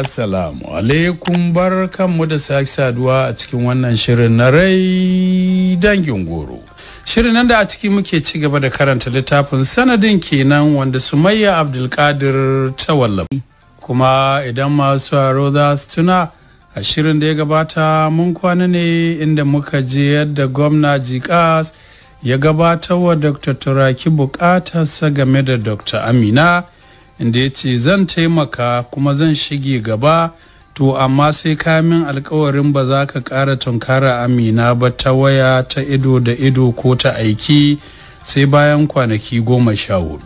Assalamu alaikum bar kanmu da sake saduwa a cikin wannan shirin na rai dangin goro. Shirin nan da a ciki muke ci gaba da karanta littafin sanadin kenan wanda Sumayya Abdulkadir ta wallafa. Kuma idan masu haro za su tuna a shirin da ya gabata mun kwana ne inda muka je yadda gwamna Jikas ya gabatar wa Dr. Turaki bukatarsa game da Dr. Amina. inda ya ce zan taimaka kuma zan shige gaba to amma sai kamin alkawarin ba za ka ƙara tunkara amina ba ta waya ta ido da ido ko ta aiki sai bayan kwanaki goma sha hudu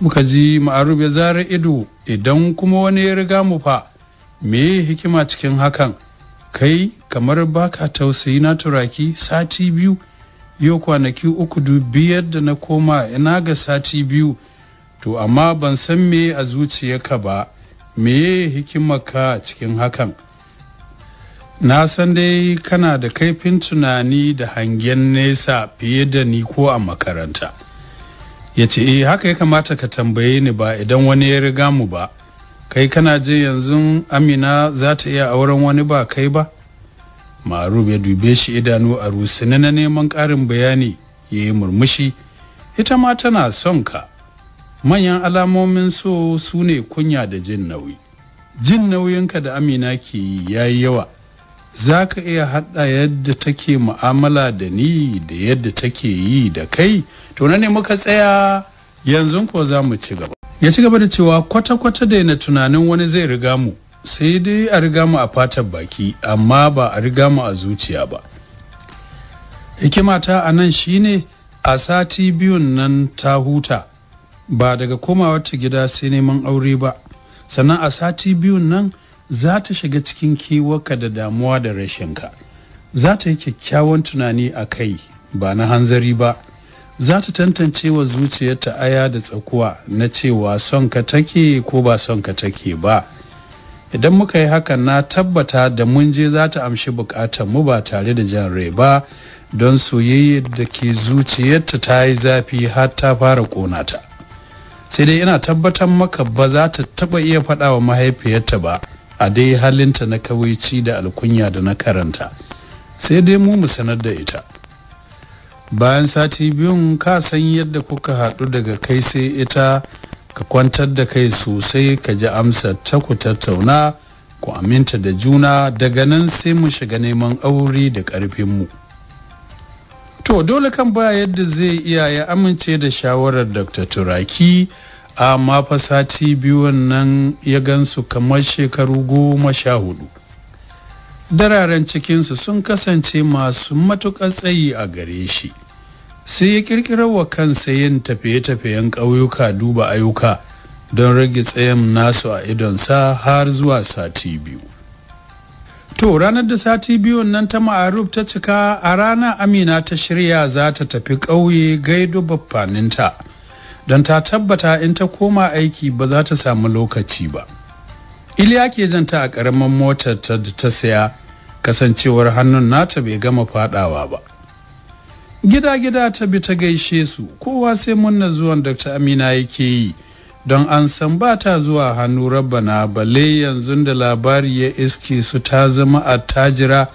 muka ji ma'arub zarar zara ido idan kuma wani ya riga mu fa me hikima cikin hakan kai kamar baka tausayi na turaki sati biyu yau kwanaki uku biyar da na koma ina ga sati biyu to amma ban san me a zuciyarka ba meye hikimarka a cikin hakan na san dai kana da kaifin tunani da hangen nesa fiye da ni ko a makaranta ya ce eh haka ya kamata ka tambaye ni ba idan wani ya riga mu ba kai kana je yanzu amina za ta iya auren wani ba kai ba Maru ya dube shi idanu a rusuna na neman ƙarin bayani ya yi murmushi ita ma tana son ka manyan alamomin so su ne kunya da jin nauyi jin nauyinka da amina ke yi ya yi yawa za ka iya haɗa yadda take mu'amala da ni da yadda take yi da kai to na ne muka tsaya yanzu ko za mu ci gaba ya ci gaba da cewa kwata-kwata daina tunanin wani zai riga mu sai dai a riga mu a fatar baki amma ba a riga mu a zuciya ba hikimata a nan shine a sati biyun nan ta huta ba daga komawa ta gida sai neman aure ba sannan a sati biyun nan za ta shiga cikin kiwaka da damuwa da rashinka za ta yi kyakkyawan tunani a kai ba na hanzari ba za ta tantance wa zuciyarta aya da tsakuwa na cewa son ka take ko ba son ka take ba idan muka yi hakan na tabbata da mun je za ta amshi bukatar mu ba tare da jan rai ba don soyayya da ke zuciyarta ta yi zafi har ta fara ƙonata. sai dai ina tabbatar maka ba za ta taba iya faɗa wa mahaifiyarta ba a dai halinta na kawaici da alkunya da na karanta sai dai mu mu sanar da ita bayan sati biyun ka san yadda kuka haɗu daga kai sai ita ka kwantar da kai sosai ka ji amsa ta ku tattauna ku aminta da juna daga nan sai mu shiga neman aure da ƙarfinmu mu to dole kan ba yadda zai iya ya amince da shawarar dr turaki amma fa sati biyu nan ya gansu kamar shekaru goma sha hudu dararen cikinsu sun kasance masu matukar tsayi a gare shi sai ya ƙirƙira wa kansa yin tafiye-tafiyen ƙauyuka duba ayyuka don rage tsayin nasu a idonsa har zuwa sati biyu To ranar da sati biyun nan ta ma'aruf ta cika a rana Amina ta shirya za ta tafi ƙauye gaido baffaninta don ta tabbata in ta koma aiki ba za ta samu lokaci ba. Iliya ke janta a ƙaramin motar ta da ta saya kasancewar hannun nata bai gama fadawa ba. Gida-gida ta bi ta gaishe su kowa sai munna zuwan Dr. Amina yake yi. don an san ba ta zuwa hannu rabbana balle yanzu da labari ya iske su ta zama attajira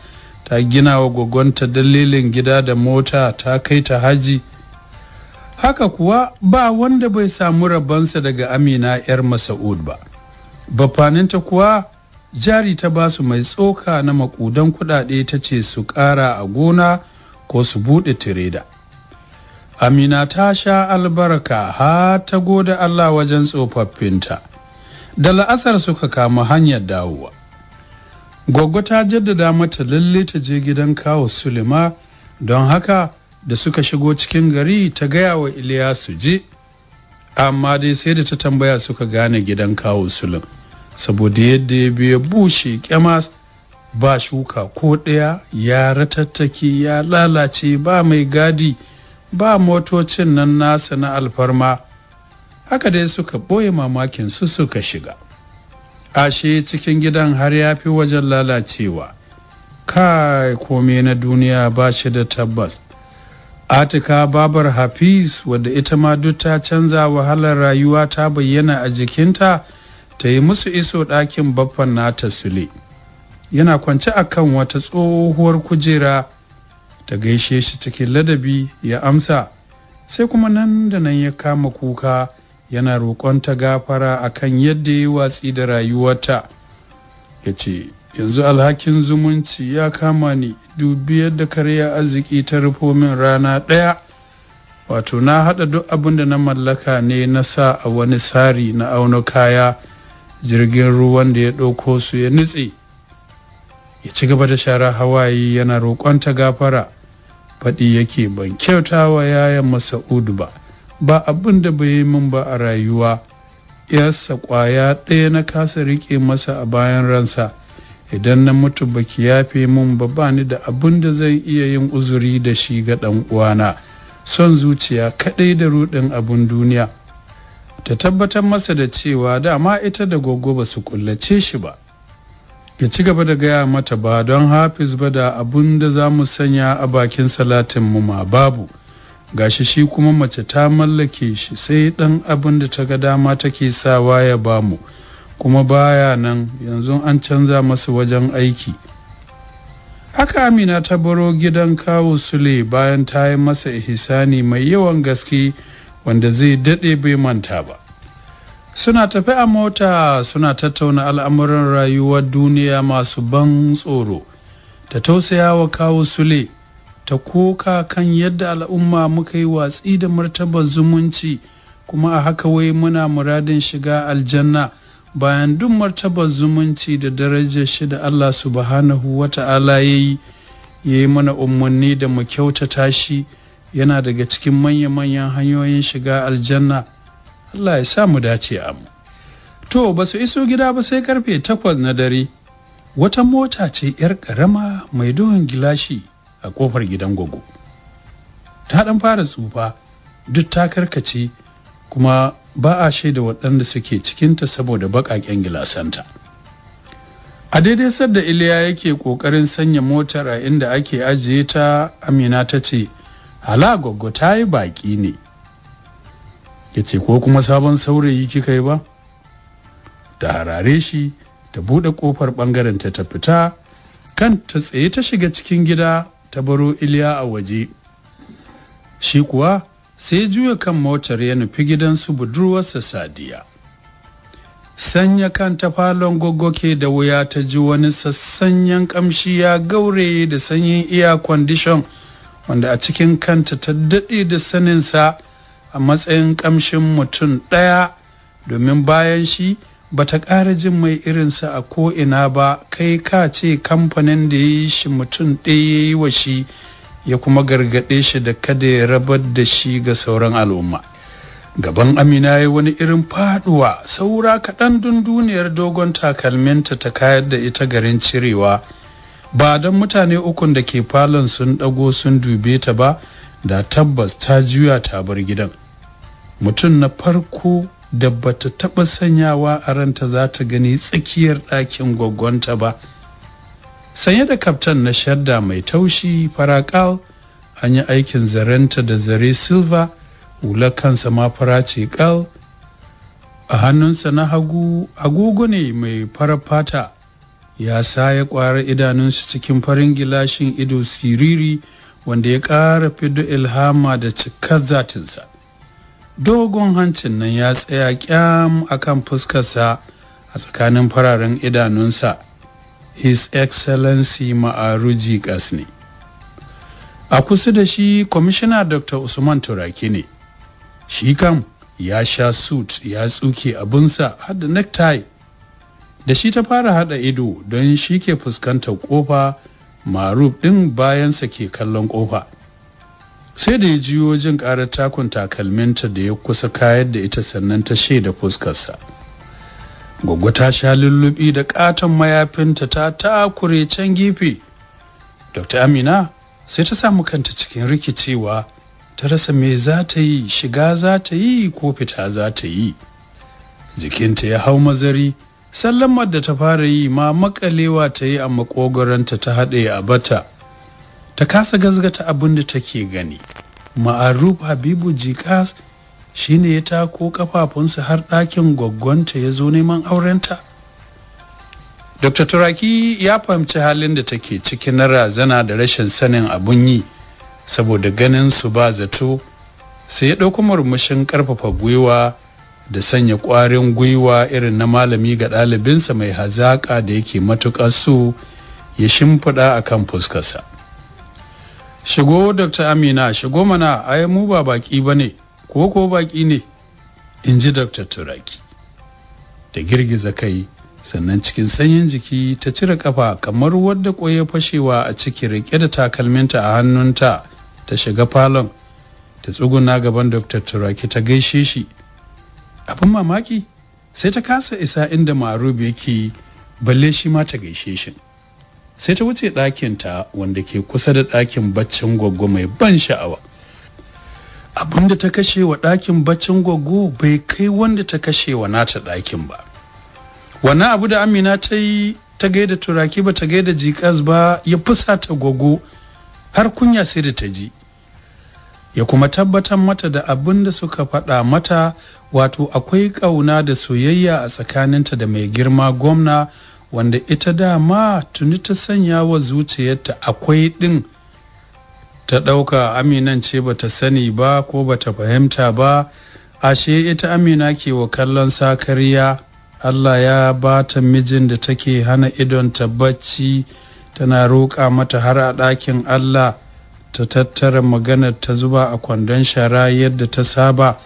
ta gina wa ta dalilin gida da mota ta kai ta haji haka kuwa ba wanda bai samu rabansa daga amina 'yar masa'ud ba bafaninta kuwa jari ta basu mai tsoka na makudan kudade ta ce su kara a gona ko su buɗe tireda amina ta sha albarka ha ta gode allah wajen tsofaffinta da la'asar suka kama hanyar dawowa gwaggo ta jaddada mata lalle ta je gidan kawo sulima don haka da suka shigo cikin gari ta gaya wa iliya su je amma dai sai da ta tambaya suka gane gidan kawo sulim saboda yadda ya biya bushe kyama ba shuka ko ɗaya ya ratattake ya lalace ba mai gadi ba motocin nan nasa na alfarma haka dai suka ɓoye mamakin su suka shiga ashe cikin gidan har ya fi wajen lalacewa kai kome na duniya ba shi da tabbas atika babar hafiz wadda ita ma duk ta canza wahalar rayuwa ta bayyana a jikinta ta yi musu iso ɗakin baffan nata sule yana kwance akan wata tsohuwar kujera ta gaishe shi cikin ladabi ya amsa sai kuma nan da nan ya kama kuka yana roƙon ta gafara akan yadda ya watsi da rayuwarta ya ce yanzu alhakin zumunci ya kama ni dubi yadda karya arziki ta rufo min rana ɗaya wato na haɗa duk abin da na mallaka ne na sa a wani tsari na auna kaya jirgin ruwan da ya ɗauko su ya nutse ya ci gaba da shara hawaye yana roƙon gafara faɗi yake ban kyauta wa yayan masa'udu ba ba abin da bai yi min ba a rayuwa yasa ƙwaya ɗaya na kasa riƙe masa a bayan ransa idan na mutu baki yafe min ba ba ni da abin da zan iya yin uzuri da shi ga ɗan uwana son zuciya kaɗai da ruɗin abin duniya ta tabbatar masa da cewa dama ita da gogo ba su kullace shi ba ga ci gaba da gaya mata ba don hafiz ba da abun da za mu sanya a bakin salatin mu ma babu gashi shi kuma mace ta mallake shi sai dan abin da ta ga dama take sawa ya bamu kuma baya nan yanzu an canza masa wajen aiki haka amina ta baro gidan kawo sule bayan ta yi masa ihsani mai yawan gaske wanda zai daɗe bai manta ba suna tafi a mota suna tattauna al'amuran rayuwar duniya masu ban tsoro ta tausaya wa kawo sule ta koka kan yadda al'umma muka yi watsi da martabar zumunci kuma a haka wai muna muradin shiga aljanna bayan duk martabar zumunci da daraja shi da allah subhanahu ta'ala ya yi ya yi mana umarni da mu kyautata shi yana daga cikin manya-manyan hanyoyin shiga aljanna Allah ya sa mu dace a mu. to ba su iso gida ba sai karfe takwas na dare wata mota ce 'yar ƙarama mai duhun gilashi a ƙofar gidan gogo ta ɗan fara tsufa duk ta karkace kuma ba a shaida waɗanda suke cikinta saboda baƙaƙen gilasanta a daidai sadda iliya yake ƙoƙarin sanya motar a inda ake ajiye ta amina ta ce hala goggo ta yi baƙi ne ya ce ko kuma sabon saurayi kika yi ba ta harare shi ta buɗe ƙofar ɓangaren ta fita kan ta tsaye ta shiga cikin gida ta baro iliya a waje shi kuwa sai juya kan motar ya nufi gidansu budurwarsa sadiya sanya kan ta falon goggoke da wuya ta ji wani sassanyan kamshi ya gaure da sanyin iya kwandishon wanda a cikin kanta ta daɗe da saninsa a matsayin kamshin mutum ɗaya domin bayan shi ba ta ƙara jin mai irinsa a ko'ina ba kai ka ce kamfanin da ya yi shi mutum ɗaya ya yi wa shi ya kuma gargaɗe shi da kada ya rabar da shi ga sauran al'umma gaban amina ya wani irin faɗuwa saura kaɗan dunduniyar dogon takalminta ta kayar da ita garin cirewa ba don mutane ukun da ke falon sun ɗago sun dube ta ba da tabbas ta juya ta bar gidan mutum na farko da bata taɓa sanyawa a ranta za ta gani tsakiyar ɗakin gwaggonta ba sanye da kaftan na shadda mai taushi farakal an yi aikin zarenta da zare silva wula kansa ma fara ce kal a hannunsa na hagu agogo ne mai fara fata ya sa ya kwara idanunsa cikin farin gilashin ido siriri wanda ya ƙara fido ilhama da cikar zatinsa dogon hancin nan ya tsaya kyam akan fuskarsa a tsakanin fararen idanunsa his excellency ma'aruji gasni a kusa da shi kwamishina dr usman turaki ne shi kam ya sha suit ya tsuke abinsa har da necktie da shi ta fara hada ido don shi ke fuskantar kofa maruf din bayansa ke kallon kofa sai da ya jiyo jin karar takun takalminta da ya kusa kayar da ita sannan ta shaida fuskarsa gwaggo ta sha lullubi da katon mayafinta ta takure can gefe dr amina sai ta samu kanta cikin rikicewa ta rasa me za ta yi shiga za ta yi ko fita za ta yi jikinta ya hau mazari sallamar da ta fara yi ma makalewa ta yi a makogoranta ta haɗe a bata ta kasa gazgata abin da take gani ma'aruf habibu jikas shine ya tako kafafunsa har ɗakin gwaggonta ya zo neman aurenta dr turaki ya fahimci halin da take ciki na razana da rashin sanin abun yi saboda ganin su ba zato sai ya ɗauki murmushin ƙarfafa gwiwa da sanya ƙwarin gwiwa irin na malami ga ɗalibinsa mai hazaƙa da yake matuƙar su ya shimfiɗa a kan fuskarsa shigo dr amina shigo mana ai mu ba baki bane ko ko baki ne in ji dr turaki ta girgiza kai sannan cikin sanyin jiki ta cire kafa kamar wadda koya fashewa a ciki rike da takalminta a hannunta ta shiga falon ta tsuguna gaban dr turaki ta gaishe shi abin mamaki sai ta kasa isa inda marubi yake balle shi ma ta gaishe shi sai ta wuce ɗakinta wanda ke kusa da ɗakin baccin gwaggo mai ban sha'awa abinda ta kashe wa ɗakin baccin gwaggo bai kai wanda ta kashe wa nata ɗakin ba wannan abu da amina ta yi ta gaida turaki ba ta gaida jikas ba ya fusata gwaggo har kunya sai da ta ji ya kuma tabbatar mata da abin da suka faɗa mata wato akwai ƙauna da soyayya a tsakaninta da mai girma gwamna wanda ita dama tuni ta sanya wa zuciyarta akwai ɗin ta ɗauka aminan ce ba ta sani ba ko ba ta fahimta ba ashe ita amina ke wa kallon sakariya allah ya ba ta mijin da take hana idon bacci tana roƙa mata har a ɗakin allah ta tattara maganar ta zuba a kwandon shara yadda ta saba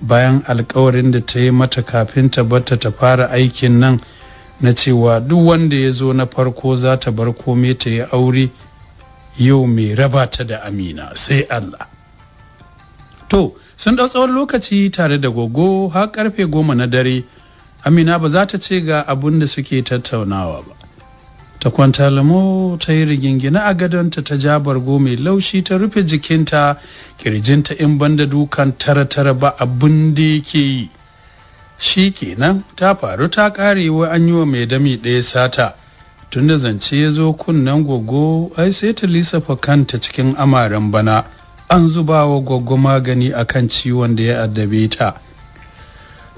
bayan alkawarin da ta yi mata kafin ta bata ta fara aikin nan na cewa duk wanda ya zo na farko za ta bar komai ta yi aure yau mai raba ta da amina sai allah to sun ɗau tsawon lokaci tare da gogo har karfe goma na dare amina ba za ta ce ga abun da suke tattaunawa ba ta kwanta lamo ta yi rigingina a gadonta ta ja bargo mai laushi ta rufe jikinta kirjinta in banda dukan tara tara ba abun da yake yi shi kenan ta faru ta kare wa an yi wa mai dami ɗaya sata tunda zance ya zo kunnen gogo ai sai ta lissafa kanta cikin amaren bana an zuba wa magani magani kan ciwon da ya addabe ta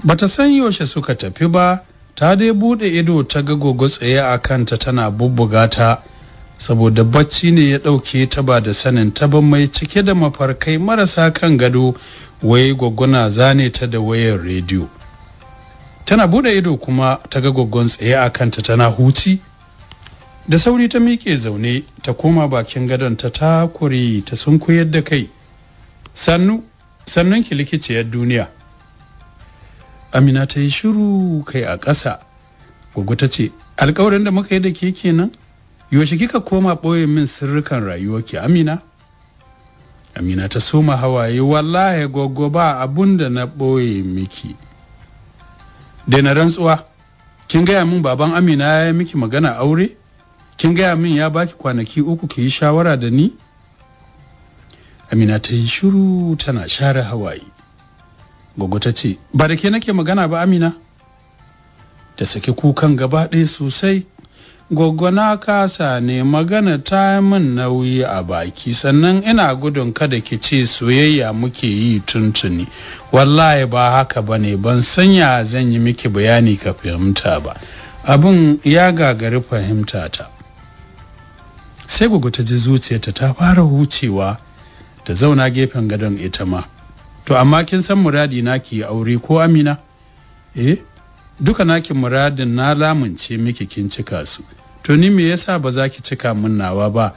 bata san yaushe suka tafi ba ta dai bude ido ta ga gogo tsaye a kanta tana bubbuga ta saboda bacci ne ya ɗauke ta ba da sanin ta ba mai cike da mafarkai marasa kan gado wai na zane ta da wayar rediyo tana bude ido kuma ta ga goggon tsaye a kanta tana huci da sauri ta miƙe zaune ta koma bakin gadon ta takuri ta sunkuyar da kai sannu sannan ki likiciyar duniya amina ta yi shiru kai a ƙasa gugu ta ce alkawarin da muka yi da ke kenan yaushe kika koma ɓoye min sirrukan rayuwarki amina amina ta soma hawaye wallahi gogo ba abun da na ɓoye miki daina rantsuwa kin gaya min baban amina ya yi miki magana aure kin gaya min ya baki kwanaki uku ki yi shawara da ni amina ta yi shiru tana share hawaye gogo ta ce ba da ke nake magana ba amina ta saki kukan gaba ɗaya sosai Goggo na kasa ne magana ta min nauyi a baki sannan ina gudun kada ki ce soyayya muke yi tuntuni wallahi ba haka bane ban sanya zan yi miki bayani ka fahimta ba abin ya gagari fahimta ta sai gugu ta ji zuciyarta ta fara hucewa ta zauna gefen gadon ita ma to amma kin san muradi na ki aure ko amina eh duka naki muradin na lamunce miki kin cika su to ni me yasa ba za ki cika mun nawa ba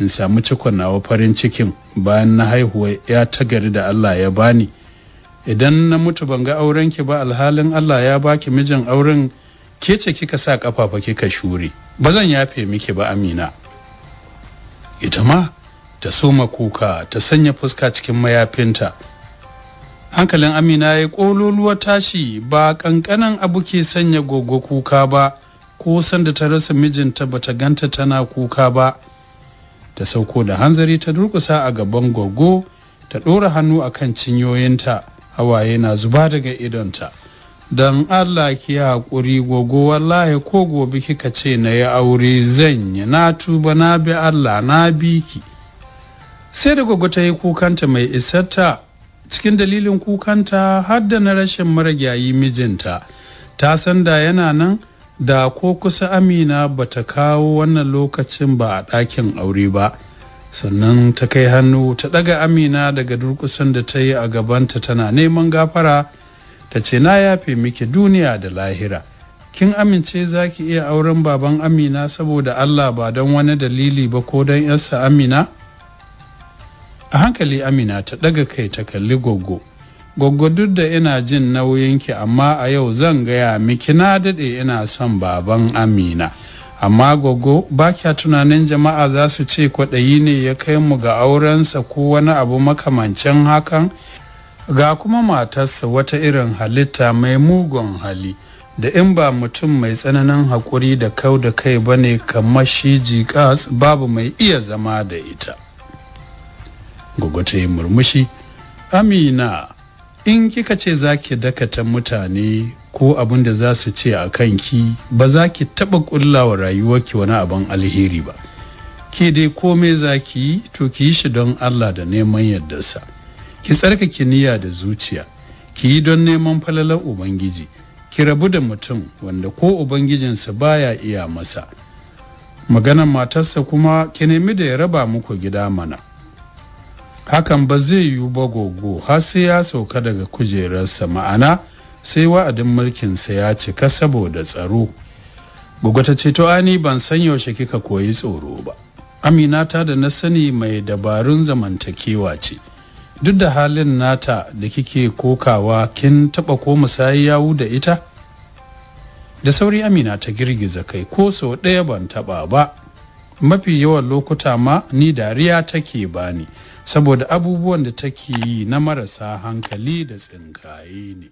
in samu cikon nawa farin cikin bayan na haihuwa ya ta gari da Allah ya bani idan na mutu ban ga auren ki ba alhalin Allah ya baki mijin auren ke ce kika sa kafafa kika shure ba zan yafe miki ba Amina ita ma ta soma kuka ta sanya fuska cikin mayafinta hankalin amina ya ƙololuwa tashi ba ƙanƙanan abu ke sanya gogo kuka ba ko sanda ta rasa mijinta ba ta ganta tana kuka ba ta sauko da hanzari ta durƙusa a gaban gogo ta ɗora hannu a kan cinyoyinta hawaye na zuba daga idonta don allah ki haƙuri gogo wallahi ko gobe kika ce na yi aure zan yi na tuba na bi allah na bi ki sai da gogo ta yi kukanta mai isarta cikin dalilin kukanta har da na rashin maragyayi mijinta ta san da yana nan da ko kusa amina ba ta kawo wannan lokacin ba a ɗakin aure ba sannan ta kai hannu ta ɗaga amina daga durkusan da ta yi a gabanta tana neman gafara ta ce na yafe miki duniya da lahira kin amince za ki iya auren baban amina saboda allah ba don wani dalili ba ko don yarsa amina a hankali amina ta ɗaga kai ta kalli goggo goggo duk da ina jin nauyinki amma a yau zan gaya miki na daɗe ina son baban amina amma Gogo ba kya tunanin jama'a za su ce kwaɗayi ne ya kai mu ga aurensa ko wani abu makamancin hakan ga kuma matarsa wata irin halitta mai mugun hali da in ba mutum mai tsananin haƙuri da kau da kai bane kamar shi jikas babu mai iya zama da ita gogo ta murmushi amina in kika ce za ki dakata mutane ko abin da za su ce a kanki ba za ki taɓa ƙullawa rayuwarki wani abin alheri ba ke dai komai za ki yi to ki yi shi don allah da neman yardarsa ki tsarkake niyya da zuciya ki yi don neman falalar ubangiji ki rabu da mutum wanda ko ubangijinsa baya iya masa maganar matarsa kuma ki nemi da ya raba muku gida mana hakan ba zai yiwu ba gogo har sai ya sauka daga kujerarsa ma'ana sai wa'adin mulkinsa ya cika saboda tsaro gogo ta ce to ani ban san yaushe kika koyi tsoro ba amina ta da na sani mai dabarun zamantakewa ce duk da halin nata da kike kokawa kin taba ko musayi yawu da ita da sauri amina ta girgiza kai ko sau ɗaya ban taba ba mafi yawan lokuta ma ni dariya take bani saboda abubuwan da take yi na marasa hankali da tsinkaye ne